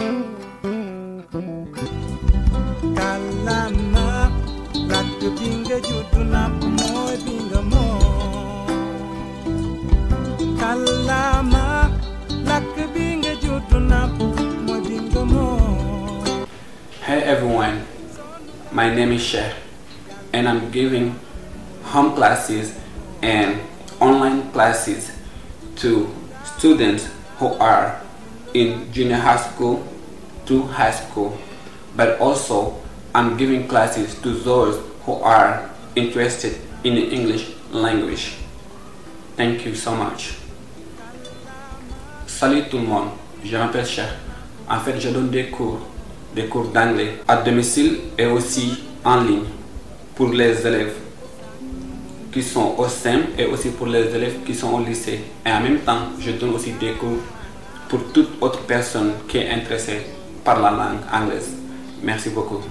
kàllaamaak làkk bi nga juddu nàmp mooy bi nga moom kàllaamaak làkk bi nga juddu nàmp mooy bi nga moom Hey everyone, my name is Cher and I'm giving home classes and online classes to students who are in junior high school to high school, but also I'm giving classes to those who are interested in the English language. Thank you so much. Salut tout je m'appelle Cheikh. En fait, je donne des cours, des cours d'anglais à domicile et aussi en ligne pour les élèves qui sont au SEM et aussi pour les élèves qui sont au lycée. Et en même temps, je donne aussi des cours pour toute autre personne qui est intéressée par la langue anglaise. Merci beaucoup.